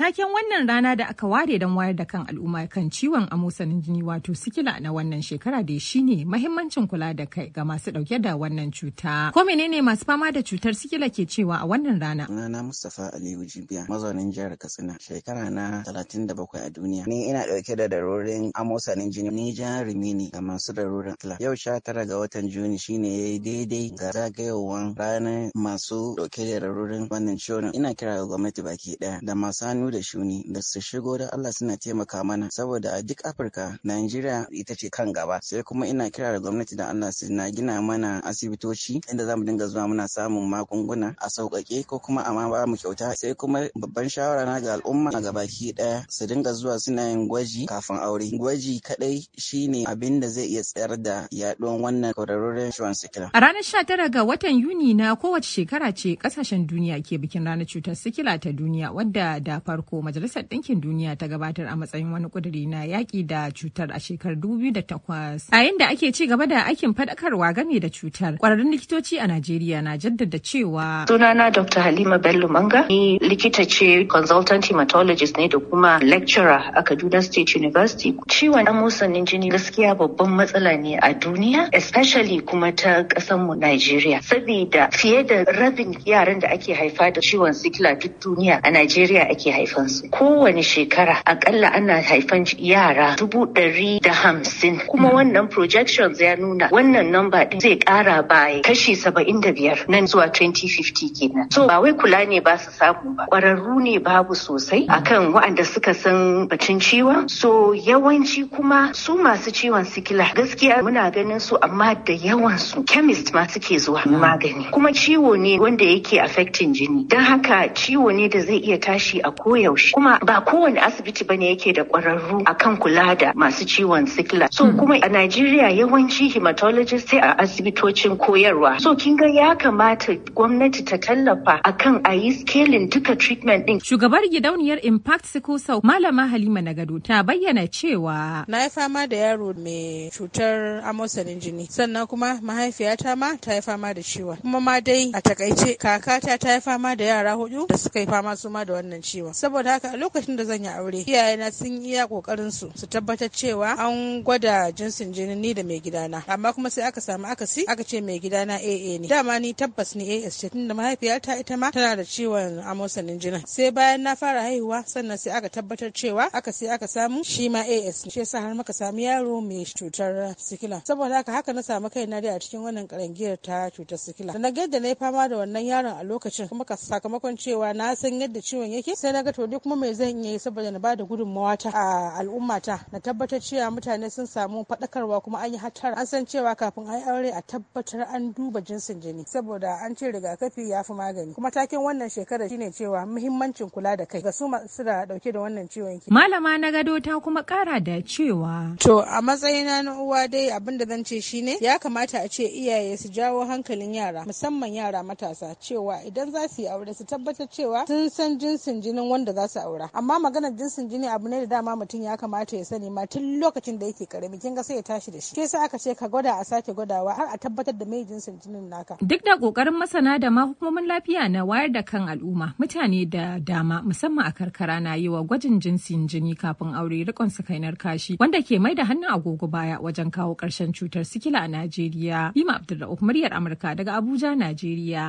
Taken wannan rana da aka ware don wayar da kan al'umma kan ciwon amosanin jini wato sikila na wannan shekara da shi ne mahimmancin kula da kai ga masu dauke da wannan cuta. Ko menene masu fama da cutar sikila ke cewa a wannan rana? Sunana Mustapha Aliyu Jibiya, mazaunin jihar Katsina, shekara na 37 a duniya. Ni ina dauke da darurin amosanin jini. Ni jarumi ne ga masu darurin sikila. Yau sha tara ga watan Juni shine yi daidai ga zagayowar ranar masu dauke da darurin wannan ciwon. Ina kira ga gwamnati baki ɗaya da masu hannu da shuni da su shigo da Allah suna taimaka mana saboda a duk Afirka Najeriya ita ce kan gaba sai kuma ina kira da gwamnati da Allah su na gina mana asibitoci inda zamu dinga zuwa muna samun magunguna a sauƙaƙe ko kuma a ma ba mu kyauta sai kuma babban shawara na ga al'umma ga baki ɗaya su dinga zuwa suna yin gwaji kafin aure gwaji kadai shine abin da zai iya tsayar da yaɗuwar wannan kwararren ciwon sikila. A ranar sha tara ga watan Yuni na kowace shekara ce kasashen duniya ke bikin ranar cutar sikila ta duniya wadda da farko Majalisar Ɗinkin Duniya ta gabatar a matsayin wani ƙuduri na yaƙi da cutar a shekarar 2008. A yayin da ake ci gaba da aikin faɗakarwa game da cutar, ƙwararrun likitoci a Najeriya na jaddada cewa. Sunana Dr. Halima Bello Manga, ni likita ce consultant hematologist ne da kuma lecturer a Kaduna State University. Ciwon amusanin jini gaskiya babban matsala ne a duniya, especially kuma ta mu Najeriya. Saboda fiye da rabin yaran da ake haifa da ciwon sikila duk duniya a Najeriya ake haifa. haifansu kowane shekara akalla ana haifan yara dubu ɗari da hamsin kuma wannan projections ya nuna wannan namba ɗin zai ƙara baya kashi saba'in da biyar nan zuwa 2050 kenan so ba wai kula ne ba su samu ba ƙwararru ne babu sosai akan waɗanda suka san bacin ciwon so yawanci kuma su masu ciwon sikila gaskiya muna ganin su amma da yawan su chemist ma suke zuwa magani kuma ciwo ne wanda yake affecting jini don haka ciwo ne da zai iya tashi a koyi koyaushe kuma ba kowane asibiti bane yake da kwararru akan kula da masu ciwon sikila so hmm. kuma a Najeriya yawanci hematologist sai a asibitocin koyarwa so kin ga ya kamata gwamnati ta tallafa akan a yi scaling duka treatment din shugabar gidauniyar impact sickle cell malama Halima Nagado ta bayyana cewa na yi fama da yaro mai cutar amosanin jini sannan kuma mahaifiyata ma ta yi fama da ciwon kuma ma dai a takaice kakata ta yi fama da yara hudu da suka yi fama su ma da wannan ciwon saboda haka a lokacin da zan yi aure iyaye na sun iya kokarin su su tabbatar cewa an gwada jinsin jini ni da mai gidana amma kuma sai aka samu akasi aka ce mai gidana AA ne dama ni tabbas ni AS ce tunda mahaifiyarta ita ma tana da ciwon amosanin jinin sai bayan na fara haihuwa sannan sai aka tabbatar cewa aka sai aka samu shi ma AS ne shi yasa har muka samu yaro mai cutar sikila saboda haka haka na samu kaina dai a cikin wannan karangiyar ta cutar sikila na ga yadda na yi fama da wannan yaron a lokacin kuma sakamakon cewa na san yadda ciwon yake sai na ga to kuma me zan iya yi saboda na bada gudunmawa ta a al'ummata na tabbatar cewa mutane sun samu faɗakarwa kuma an yi hatar an san cewa kafin a yi aure a tabbatar an duba jinsin jini saboda an ce rigakafi ya fi magani kuma takin wannan shekarar shine cewa muhimmancin kula da kai ga su masu da dauke da wannan ciwon malama na gado ta kuma kara da cewa to a matsayina na uwa dai abin da zan ce shine ya kamata a ce iyaye su jawo hankalin yara musamman yara matasa cewa idan za su yi aure su tabbatar cewa sun san jinsin jinin wani wanda za su aura amma maganar jinsin jini abu ne da dama mutum ya kamata ya sani ma tun lokacin da yake karami kin ga sai ya tashi da shi ke sa aka ce ka gwada a sake gwadawa har a tabbatar da mai jinsin jinin naka duk da kokarin masana da ma hukumomin lafiya na wayar da kan al'umma mutane da dama musamman a karkara na yi wa gwajin jinsin jini kafin aure rikon su kainar kashi wanda ke mai da hannun agogo baya wajen kawo karshen cutar sikila a Najeriya Bima Abdulrahman muryar Amurka daga Abuja Najeriya